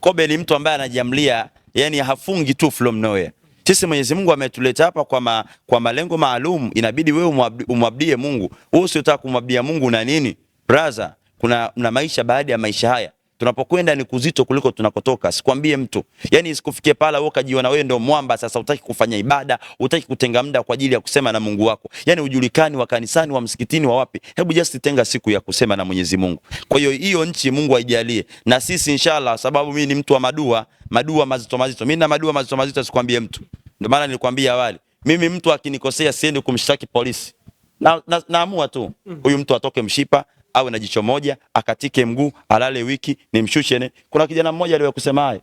Kobe ni mtu ambaye anajamlia, yani hafungi tu from nowhere. Sisi Mwenyezi Mungu ametuleta hapa kwa, ma, kwa malengo maalum, inabidi wewe umwabdie Mungu. Wewe usiotaka kumwabdia Mungu na nini? Brother, kuna na maisha baada ya maisha haya. Tunapokwenda ni kuzito kuliko tunakotoka. Sikwambie mtu. yani, isikufikie pala wewe ukajiona wewe ndio mwamba sasa utaki kufanya ibada, utaki kutenga muda kwa ajili ya kusema na Mungu wako. yani ujulikani wa kanisani, wa msikitini, wa wapi. Hebu just tenga siku ya kusema na Mwenyezi Mungu. Kwa hiyo hiyo nchi Mungu aijalie. Na sisi inshallah sababu mimi ni mtu wa madua, madua mazito mazito. Mimi na madua mazito mazito sikwambie mtu. Ndio maana nilikwambia awali. Mimi mtu akinikosea siendi kumshtaki polisi. Na, na, naamua tu mm. huyu mtu atoke mshipa awe na jicho moja, akatike mguu, alale wiki, nimshushe ne. Kuna kijana mmoja aliwahi kusema haye.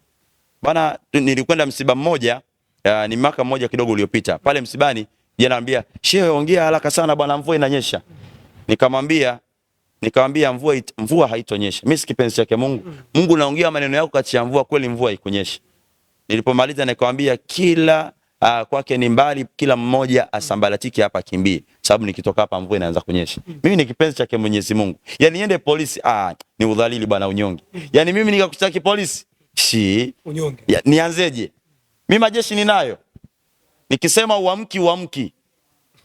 bana, nilikwenda msiba mmoja ya, ni mwaka mmoja kidogo uliopita. Pale msibani jana anambia, "Shehe, ongea haraka sana bwana, mvua inanyesha." Nikamwambia nikamwambia mvua it, mvua haitonyesha. Mimi si kipenzi chake Mungu. Mungu naongea maneno yako kati ya mvua, kweli mvua haikunyesha. Nilipomaliza nikamwambia kila uh, kwake ni mbali, kila mmoja asambaratike hapa kimbie, sababu nikitoka hapa mvua inaanza kunyesha. Mm. Mimi ni kipenzi chake Mwenyezi Mungu. Yani niende polisi, ah, ni udhalili bwana, unyonge. Mm. Yani mimi nikakutaki polisi, shi unyonge, ya, nianzeje? Mimi majeshi ninayo, nikisema uamki, uamki.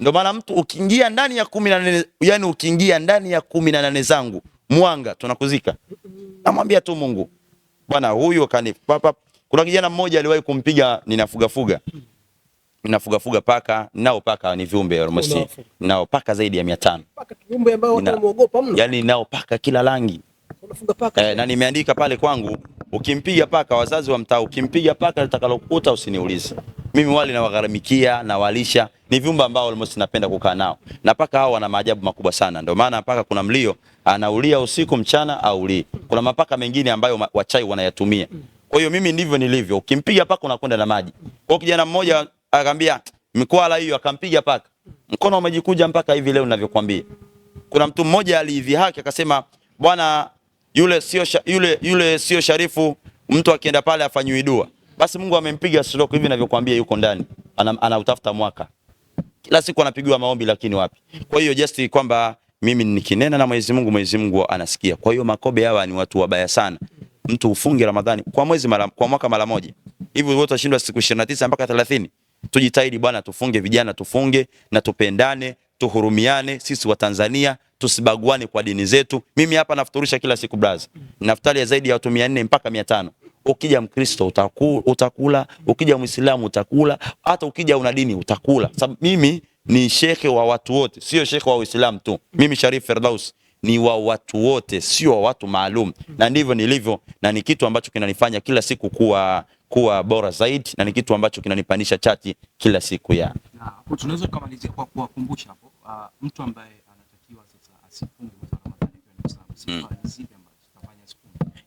Ndio maana mtu ukiingia ndani ya 18 yani ukiingia ndani ya 18 zangu mwanga tunakuzika, namwambia tu Mungu bwana, huyu kanipapa. Kuna kijana mmoja aliwahi kumpiga ninafugafuga mm ninafugafuga paka nao, paka ni viumbe almost nao paka zaidi ya 500 paka viumbe ambao watu wanaogopa mno, yani nao paka kila rangi unafuga paka eh, na nimeandika pale kwangu, ukimpiga paka, wazazi wa mtaa, ukimpiga paka litakalokuta usiniulize mimi. Wale nawagharamikia na walisha, ni viumbe ambao almost napenda kukaa nao, na paka hao wana maajabu makubwa sana. Ndio maana paka kuna mlio anaulia usiku, mchana au aulii. Kuna mapaka mengine ambayo wachai wanayatumia. Kwa hiyo mimi ndivyo nilivyo, ukimpiga paka unakwenda na maji. Kwa kijana mmoja Akamwambia mkwala hiyo, akampiga paka. Mkono umejikuja mpaka hivi leo ninavyokuambia. Kuna mtu mmoja alivi haki akasema, bwana yule sio yule yule sio Sharifu, mtu akienda pale afanywe dua. Basi Mungu amempiga stroke hivi ninavyokuambia, yuko ndani. Anautafuta ana mwaka. Kila siku anapigiwa maombi lakini wapi. Kwa hiyo just kwamba mimi nikinena na Mwenyezi Mungu, Mwenyezi Mungu anasikia. Kwa hiyo makobe hawa ni watu wabaya sana. Mtu ufunge Ramadhani kwa mwezi mara, kwa mwaka mara moja. Hivi wote washindwa siku 29 mpaka 30. Tujitahidi bwana, tufunge vijana, tufunge na tupendane, tuhurumiane sisi wa Tanzania, tusibaguane kwa dini zetu. Mimi hapa nafuturisha kila siku braza, naftali ya zaidi ya watu 400 mpaka 500. Ukija Mkristo utakula, utakula, ukija Muislamu utakula, hata ukija una dini utakula, sababu mimi ni shekhe wa watu wote, sio shekhe wa Uislamu tu. Mimi Sharif Ferdaus ni wa watu wote, sio wa watu maalum, na ndivyo nilivyo, na ni kitu ambacho kinanifanya kila siku kuwa kuwa bora zaidi na ni kitu ambacho kinanipandisha chati kila siku ya. Na tunaweza kumalizia kwa kuwakumbusha hapo uh, mtu ambaye anatakiwa sasa asifunge kwa mm.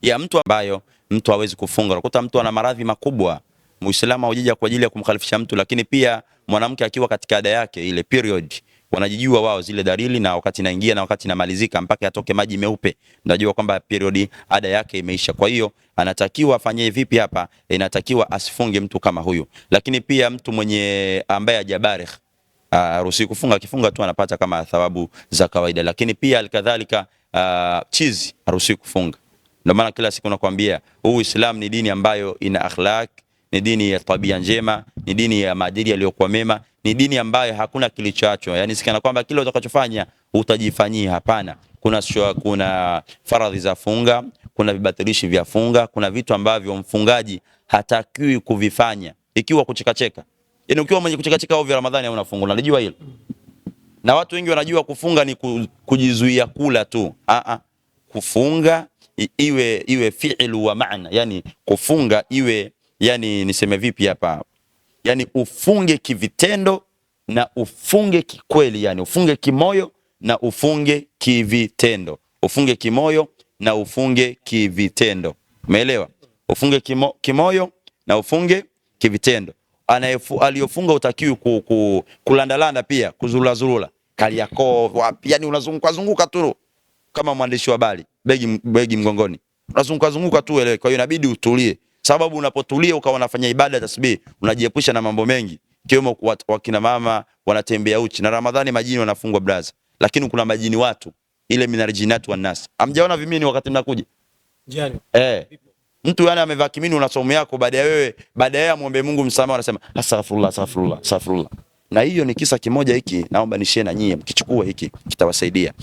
ya mtu ambayo mtu hawezi kufunga. Unakuta mtu ana maradhi makubwa, Muislamu hujija kwa ajili ya kumkhalifisha mtu, lakini pia mwanamke akiwa katika ada yake ile period wanajijua wao zile dalili, na wakati naingia na wakati namalizika, mpaka yatoke maji meupe, najua kwamba periodi ada yake imeisha. Kwa hiyo anatakiwa afanye vipi hapa? Inatakiwa asifunge mtu kama huyu, lakini pia mtu mwenye ambaye hajabaligh haruhusiwi kufunga. Akifunga tu anapata kama thawabu za kawaida, lakini pia alikadhalika uh, ah, chizi aruhusi kufunga. Ndio maana kila siku nakwambia huu Uislamu ni dini ambayo ina akhlaq, ni dini ya tabia njema, ni dini ya maadili yaliyokuwa mema ni dini ambayo hakuna kilichoachwa, yani sikana kwamba kile utakachofanya utajifanyia. Hapana, kuna shua, kuna faradhi za funga, kuna vibatilishi vya funga, kuna vitu ambavyo mfungaji hatakiwi kuvifanya, ikiwa kuchekacheka. Yani ukiwa mwenye kuchekacheka ovyo, Ramadhani hauna fungu, unalijua hilo, na watu wengi wanajua kufunga ni kujizuia kula tu. A a, kufunga iwe iwe fi'lu wa maana, yani kufunga iwe yani, niseme vipi hapa yani ufunge kivitendo na ufunge kikweli, yani ufunge kimoyo na ufunge kivitendo. Ufunge kimoyo na ufunge kivitendo, umeelewa? Ufunge kimo, kimoyo na ufunge kivitendo. Aliyofunga utakiwi ku, ku, kulandalanda pia kuzurulazurula Kariakoo wapi, yani unazunguka zunguka tu kama mwandishi wa habari begi, begi mgongoni unazunguka zunguka tu, elewe. Kwa hiyo inabidi utulie sababu unapotulia ukawa unafanya ibada tasbihi, unajiepusha na mambo mengi, kiwemo wakina mama wanatembea uchi na Ramadhani majini wanafungwa braza, lakini kuna majini watu ile minarjinatu wanas. Amjaona vimini wakati mnakuja jani eh mtu yani amevaa kimini una somo yako, baada ya wewe baada ya muombe Mungu msamaha, anasema astaghfirullah astaghfirullah astaghfirullah. Na hiyo ni kisa kimoja hiki, naomba nishie na nyie, mkichukua hiki kitawasaidia.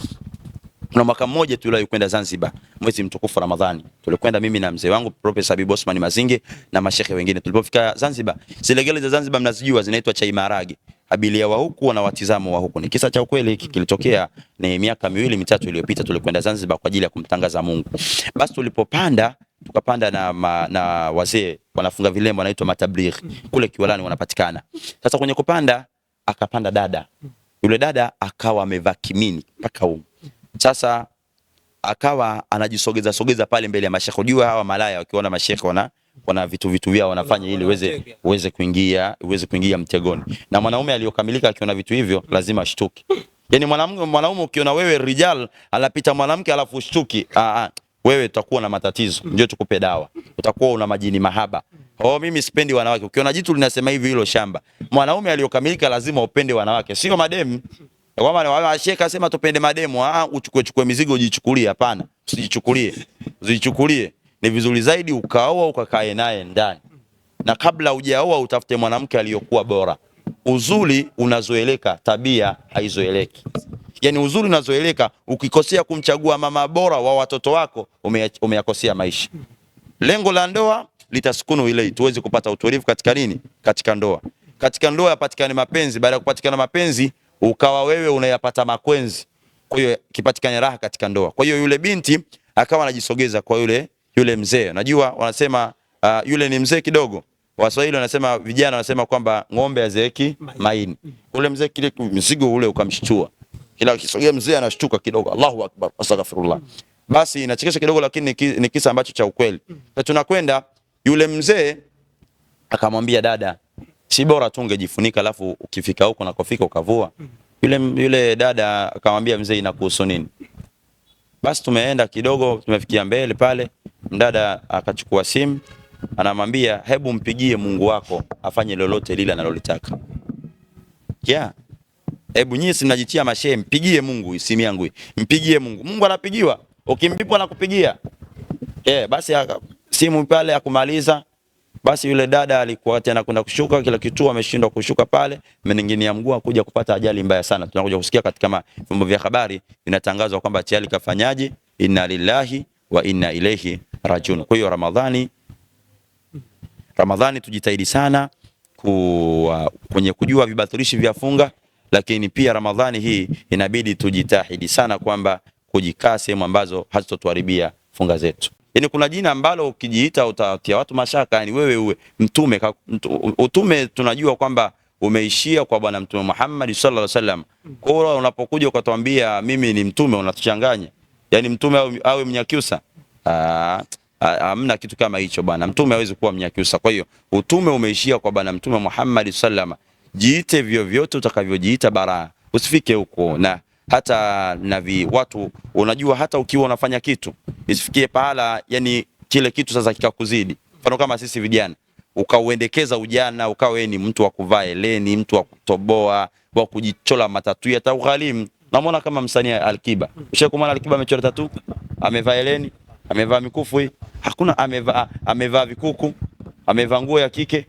Kuna mwaka mmoja tuliwahi kwenda Zanzibar mwezi mtukufu Ramadhani. Tulikwenda mimi na mzee wangu Profesa Habib Osman Mazinge na mashehe wengine. Tulipofika Zanzibar, zile gele za Zanzibar mnazijua zinaitwa chai maharage. Abilia wa huku na watizamo wa huku. Ni kisa cha ukweli hiki kilitokea ni miaka miwili mitatu iliyopita tulikwenda Zanzibar kwa ajili ya kumtangaza Mungu. Basi tulipopanda tukapanda na, ma, na wazee wanafunga vilemba wanaitwa matabligh kule Kiwalani wanapatikana. Sasa kwenye kupanda akapanda dada. Yule dada akawa amevaa kimini mpaka huko. Sasa akawa anajisogeza sogeza pale mbele ya mashekhe. Unajua hawa malaya wakiona mashekhe wana wana vitu vitu vyao wanafanya ili uweze uweze kuingia uweze kuingia mtegoni, na mwanaume aliyokamilika akiona vitu hivyo lazima ashtuki. Yani mwanamke mwanaume ukiona wewe rijal anapita mwanamke alafu ushtuki, ah, wewe utakuwa na matatizo, ndio tukupe dawa, utakuwa una majini mahaba. Oh, mimi sipendi wanawake. Ukiona jitu linasema hivi hilo shamba. Mwanaume aliyokamilika lazima upende wanawake, sio mademu kwamba shekhe asema tupende mademu, ah, ah, uchukue chukue mizigo ujichukulie. Hapana, usijichukulie, usijichukulie. Ni vizuri zaidi ukaoa ukakae naye ndani, na kabla hujaoa utafute mwanamke aliyokuwa bora. Uzuri unazoeleka, tabia haizoeleki. Yani uzuri unazoeleka, ukikosea kumchagua mama bora wa watoto wako umeyakosea maisha. Lengo la ndoa litasukunu ile tuweze kupata utulivu katika nini, katika ndoa, katika ndoa yapatikane mapenzi. Baada ya kupatikana mapenzi ukawa wewe unayapata makwenzi, kwa hiyo kipatikane raha katika ndoa. Kwa hiyo yule binti akawa anajisogeza kwa yule yule mzee. Najua wanasema uh, yule ni mzee kidogo. Waswahili wanasema vijana wanasema kwamba ng'ombe azeeki maini. Yule mzee kile mzigo ule ukamshtua. Kila ukisogea mzee anashtuka kidogo. Allahu akbar, astaghfirullah. Basi inachekesha kidogo, lakini ni kisa ambacho cha ukweli. Tunakwenda yule mzee akamwambia dada si bora tu ungejifunika alafu ukifika huko na kufika ukavua. Yule, yule dada akamwambia mzee, inakuhusu nini? Basi tumeenda kidogo, tumefikia mbele pale, mdada akachukua simu anamwambia, hebu mpigie Mungu wako afanye lolote lile analolitaka. Kia Hebu nyinyi si mnajitia mashehe, mpigie Mungu simu yangu, mpigie Mungu. Mungu anapigiwa, ukimbipo, anakupigia. Eh, yeah, basi simu pale akumaliza basi yule dada alikuwa tena kwenda kushuka kila kituo, ameshindwa kushuka pale, ameninginia mguu, akuja kupata ajali mbaya sana. Tunakuja kusikia katika vyombo vya habari vinatangazwa kwamba tayari kafanyaji, inna lillahi wa inna ilaihi rajiun. Kwa hiyo Ramadhani, Ramadhani tujitahidi sana ku, uh, kwenye kujua vibatilishi vya funga, lakini pia Ramadhani hii inabidi tujitahidi sana kwamba kujikaa sehemu ambazo hazitotuharibia funga zetu. Yaani kuna jina ambalo ukijiita utatia watu mashaka, yani wewe uwe mtume. Utume tunajua kwamba umeishia kwa Bwana Mtume Muhammad sallallahu alaihi wasallam. Kwa hiyo unapokuja ukatuambia mimi ni mtume unatuchanganya. Yaani mtume awe, awe Mnyakyusa. Ah, ah, hamna kitu kama hicho bwana. Mtume hawezi kuwa Mnyakyusa. Kwa hiyo utume umeishia kwa Bwana Mtume Muhammad sallallahu alaihi wasallam. Jiite vyovyote utakavyojiita, bara usifike huko na hata na vi watu unajua, hata ukiwa unafanya kitu isifikie pahala, yani kile kitu sasa kikakuzidi. Mfano kama sisi vijana, ukauendekeza ujana, ukawa wewe ni mtu wa kuvaa eleni, mtu wa kutoboa, wa kujichola matatu, ya ughalimu. Namuona kama msanii Alkiba, ushakumwona Alkiba amechora tatu, amevaa eleni, amevaa mikufu hii, hakuna amevaa, amevaa vikuku, amevaa nguo ya kike.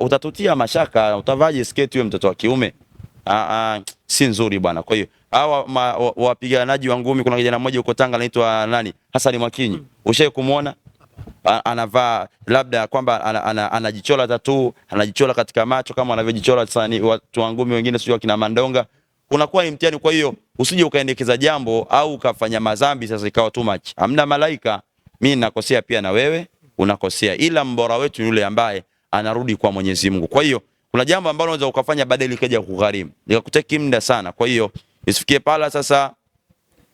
Utatutia mashaka, utavaje sketi wewe mtoto wa kiume? ah, ah, si nzuri bwana. Kwa hiyo hawa wapiganaji wa ngumi, kuna kijana mmoja huko Tanga anaitwa nani, Hassan Mwakinyi mm. ushaye kumuona anavaa labda kwamba anajichola ana, ana, anajichola tatu anajichola katika macho kama wanavyojichola watu wa ngumi wengine, sio kina Mandonga, unakuwa ni mtihani. Kwa hiyo usije ukaendekeza jambo au ukafanya madhambi sasa ikawa too much. Hamna malaika, mi nakosea pia na wewe unakosea, ila mbora wetu yule ambaye anarudi kwa Mwenyezi Mungu. Kwa hiyo kuna jambo ambalo unaweza ukafanya baadaye likaja kugharimu likakuteki muda sana. Kwa hiyo isifikie pala sasa,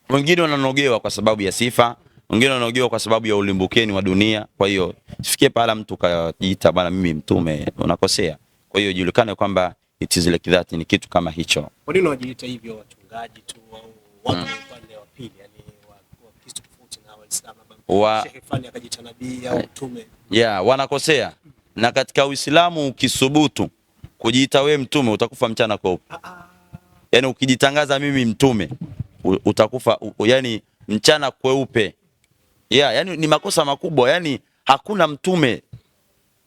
wengine wananogewa kwa sababu ya sifa, wengine wananogewa kwa sababu ya ulimbukeni wa dunia. Kwa hiyo isifikie pala mtu kajiita bwana, mimi mtume, unakosea. Kwa hiyo julikane kwamba it is like that, ni kitu kama hicho. Kwa nini wanajiita hivyo wachungaji tu au watu wa hmm. upande wa pili, yani wa Kristo tofauti na Waislamu, wa shehe fulani akajiita nabii au eh. mtume? Yeah, wanakosea. Na katika Uislamu ukisubutu Kujiita we mtume utakufa mchana kweupe. Yani ukijitangaza mimi mtume utakufa yani mchana kweupe. Yeah, yani ni makosa makubwa. Yani hakuna mtume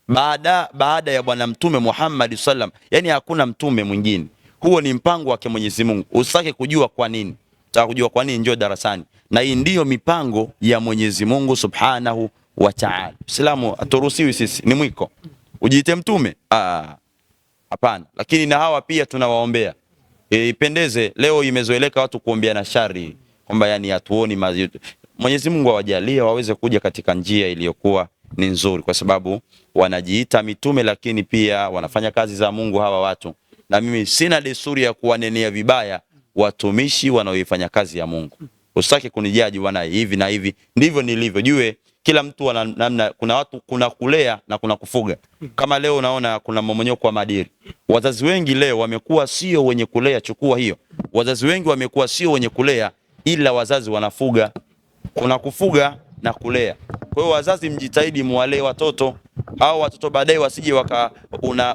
baada baada ya bwana mtume Muhammad sallam. Yani hakuna mtume mwingine. Huo ni mpango wake Mwenyezi Mungu. Usitake kujua kwa nini. Utaka kujua kwa nini, njoo darasani. Na hii ndiyo mipango ya Mwenyezi Mungu Subhanahu wa Ta'ala. aturuhusiwi sisi, ni mwiko. Ujiite mtume? Aa. Hapana, lakini na hawa pia tunawaombea. Ipendeze e, leo imezoeleka watu kuombea na shari kwamba yani hatuoni mazito. Mwenyezi Mungu awajalie waweze kuja katika njia iliyokuwa ni nzuri, kwa sababu wanajiita mitume, lakini pia wanafanya kazi za Mungu hawa watu. Na mimi sina desturi ya kuwanenea vibaya watumishi wanaoifanya kazi ya Mungu. Usitaki kunijaji bwana, hivi na hivi ndivyo nilivyo, jue kila mtu ana namna. Kuna watu kuna kulea na kuna kufuga. Kama leo unaona kuna mmomonyoko wa maadili, wazazi wengi leo wamekuwa sio wenye kulea. Chukua hiyo, wazazi wengi wamekuwa sio wenye kulea, ila wazazi wanafuga. Kuna kufuga na kulea. Kwa hiyo wazazi, mjitahidi mwalee watoto au watoto baadaye wasije waka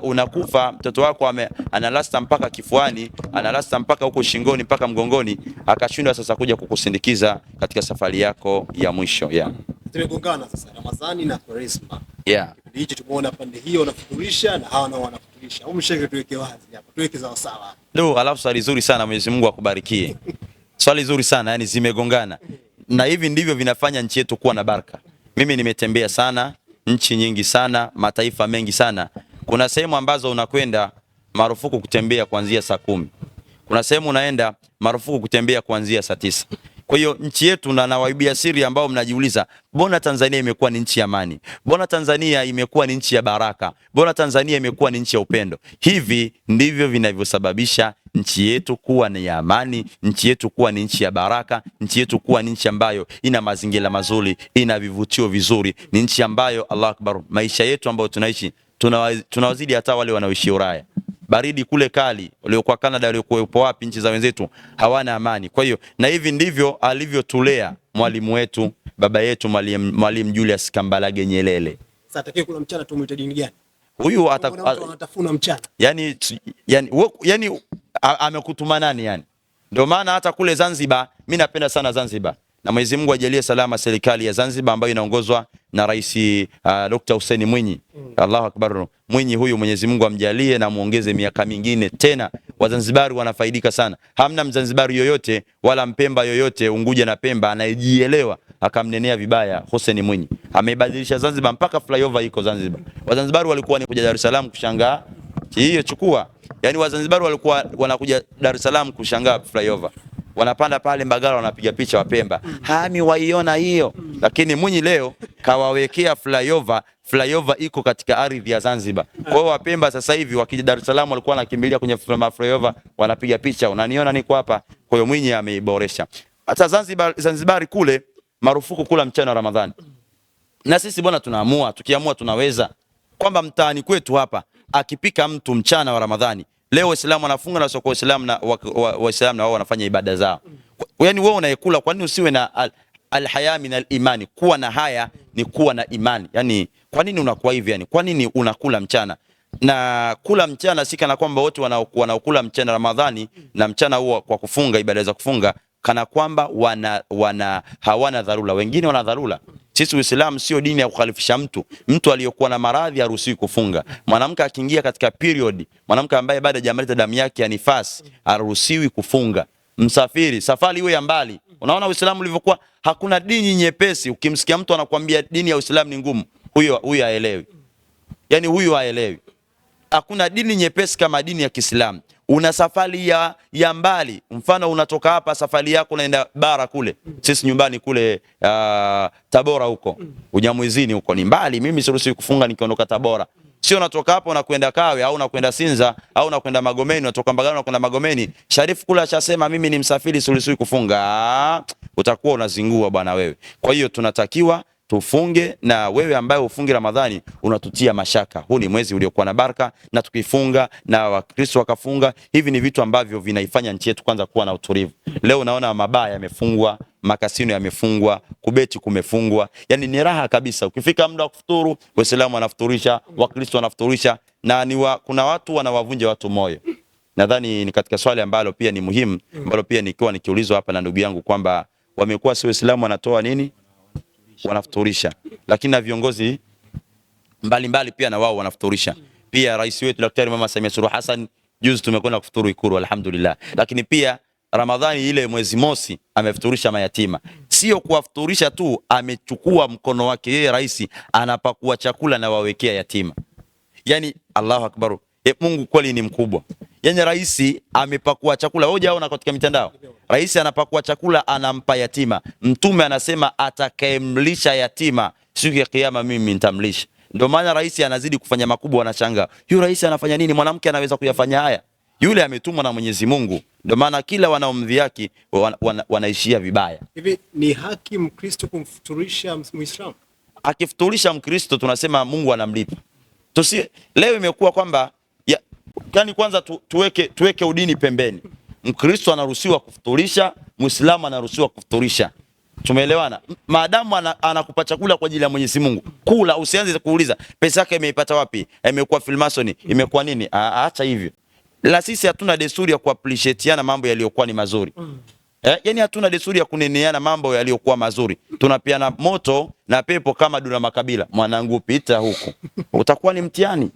unakufa, mtoto wako ame, analasta mpaka kifuani, analasta mpaka huko shingoni, mpaka mgongoni, akashindwa sasa kuja kukusindikiza katika safari yako ya mwisho yeah tumegongana sasa Ramadhani na Kwaresma. Yeah. Kipindi hichi tumeona pande hiyo nafuturisha na hawa nao wanafuturisha. Huyu msheke tuweke wazi hapa, tuweke sawa sawa. Ndio, alafu swali zuri sana Mwenyezi Mungu akubarikie. Swali zuri sana, yani zimegongana. Na hivi ndivyo vinafanya nchi yetu kuwa na baraka. Mimi nimetembea sana, nchi nyingi sana, mataifa mengi sana. Kuna sehemu ambazo unakwenda marufuku kutembea kuanzia saa kumi. Kuna sehemu unaenda marufuku kutembea kuanzia saa tisa. Kwa hiyo nchi yetu na nawaibia siri ambao mnajiuliza, mbona Tanzania imekuwa ni nchi ya amani? Mbona Tanzania imekuwa ni nchi ya baraka? Mbona Tanzania imekuwa ni nchi ya upendo? Hivi ndivyo vinavyosababisha nchi yetu kuwa ni ya amani, nchi yetu kuwa ni nchi ya baraka, nchi yetu kuwa ni nchi ambayo ina mazingira mazuri, ina vivutio vizuri, ni nchi ambayo Allah akbar, maisha yetu ambayo tunaishi tunawazidi hata wale wanaoishi Ulaya baridi kule kali, waliokuwa Canada, waliokuwepo wapi, nchi za wenzetu hawana amani. Kwa hiyo na hivi ndivyo alivyotulea mwalimu wetu baba yetu Mwalimu Julius Kambarage Nyerere. Sasa kula mchana tumuite dini gani? Huyu atakutafuna mchana. Yani, yani, yani amekutuma nani yani? Ndio maana hata kule Zanzibar, mimi napenda sana Zanzibar na Mwenyezi Mungu ajalie salama serikali ya Zanzibar ambayo inaongozwa na Rais uh, Dr. Hussein Mwinyi. Mm. Allahu Akbar. Mwinyi huyu Mwenyezi Mungu amjalie na muongeze miaka mingine tena. Wazanzibari wanafaidika sana. Hamna Mzanzibari yoyote wala Mpemba yoyote Unguja na Pemba anayejielewa akamnenea vibaya Hussein Mwinyi. Amebadilisha Zanzibar mpaka flyover iko Zanzibar. Wazanzibari walikuwa ni kuja Dar es Salaam kushangaa. Hiyo chukua. Yaani Wazanzibari walikuwa wanakuja Dar es Salaam kushangaa flyover wanapanda pale Mbagala wanapiga picha Wapemba. Mm. Hami waiona hiyo, mm. lakini Mwinyi leo kawawekea flyover. Flyover iko katika ardhi ya Zanzibar. Mm. Kwa hiyo Wapemba sasa hivi wakija Dar es Salaam walikuwa wanakimbilia kwenye flyover, wanapiga picha, unaniona niko hapa. Kwa hiyo Mwinyi ameiboresha hata Zanzibar. Zanzibar kule marufuku kula mchana wa Ramadhani, na sisi bwana tunaamua, tukiamua tunaweza kwamba mtaani kwetu hapa akipika mtu mchana wa Ramadhani Leo Waislamu wanafunga na soko Waislamu na Waislamu wao wanafanya ibada zao. Yaani wewe unayekula kwa nini usiwe na al, min alimani? Kuwa na haya ni kuwa na imani. Yaani kwa nini unakuwa hivi yani? Kwa nini unakula mchana? Na kula mchana si kana kwamba wote wanaokula mchana Ramadhani na mchana huo kwa kufunga ibada za kufunga kana kwamba wana, wana hawana dharura. Wengine wana dharura. Sisi Uislamu sio dini ya kukhalifisha mtu. Mtu aliyokuwa na maradhi haruhusiwi kufunga. Mwanamke akiingia katika period, mwanamke ambaye bado hajamaliza damu yake ya nifasi haruhusiwi kufunga. Msafiri, safari iwe ya mbali. Unaona Uislamu ulivyokuwa, hakuna dini nyepesi. Ukimsikia mtu anakuambia dini ya Uislamu ni ngumu, huyo huyo haelewi. Yaani huyo haelewi. Hakuna dini nyepesi kama dini ya Kiislamu una safari ya, ya mbali, mfano unatoka hapa safari yako unaenda bara kule, sisi nyumbani kule uh, Tabora huko Unyamwezini huko ni mbali, mimi siruhusi kufunga nikiondoka Tabora sio unatoka hapo unakwenda Kawe au unakwenda Sinza au unakwenda Magomeni, unatoka Mbagala nakwenda Magomeni. Sharifu kula chasema mimi ni msafiri, siruhusiwi kufunga. Utakuwa unazingua bwana wewe. Kwa hiyo tunatakiwa tufunge na wewe ambaye ufungi Ramadhani unatutia mashaka. Huu ni mwezi uliokuwa na baraka, na tukifunga na Wakristo wakafunga, hivi ni vitu ambavyo vinaifanya nchi yetu kwanza kuwa na utulivu. Leo naona mabaa yamefungwa, makasino yamefungwa, kubeti kumefungwa, yani ni raha kabisa. Ukifika muda wa kufuturu, Waislamu wanafuturisha, Wakristo wanafuturisha, na ni wa, kuna watu wanawavunja watu moyo. Nadhani ni katika swali ambalo pia ni muhimu, ambalo pia nikiwa nikiulizwa hapa na ndugu yangu kwamba wamekuwa si Waislamu wanatoa nini wanafuturisha, lakini na viongozi mbalimbali pia na wao wanafuturisha pia. Rais wetu Daktari Mama Samia Suluhu Hassan juzi tumekwenda kufuturu Ikulu, alhamdulillah. Lakini pia Ramadhani ile mwezi mosi amefuturisha mayatima, sio kuwafuturisha tu, amechukua mkono wake yeye rais anapakua chakula na wawekea yatima. Yani, Allahu akbar! E, Mungu kweli ni mkubwa. Yaani rais amepakua chakula. Wewe hujaona katika mitandao? Rais anapakua chakula anampa yatima. Mtume anasema atakayemlisha yatima siku ya kiyama mimi nitamlisha. Ndio maana rais anazidi kufanya makubwa, wanashangaa. Huyu rais anafanya nini? Mwanamke anaweza kuyafanya haya? Yule ametumwa na Mwenyezi Mungu. Ndio maana kila wanaomdhihaki wana, wana, vibaya. Hivi ni haki Mkristo kumfuturisha Muislamu? Akifuturisha Mkristo tunasema Mungu anamlipa. Tusi, leo imekuwa kwamba yani kwanza tu, tuweke, tuweke udini pembeni. Mkristo anaruhusiwa kufuturisha, Muislamu anaruhusiwa kufuturisha. Tumeelewana? Maadamu anakupa ana chakula kwa ajili ya Mwenyezi Mungu, kula, usianze kuuliza pesa yake imeipata wapi, imekuwa filmasoni, imekuwa nini? Aacha hivyo. La, sisi hatuna desturi ya kuappreciateana mambo yaliyokuwa ni mazuri. Mm. Eh, yani hatuna desturi ya kuneneana mambo yaliyokuwa mazuri. Tunapiana moto na pepo kama dura Makabila, mwanangu pita huku, utakuwa ni mtihani.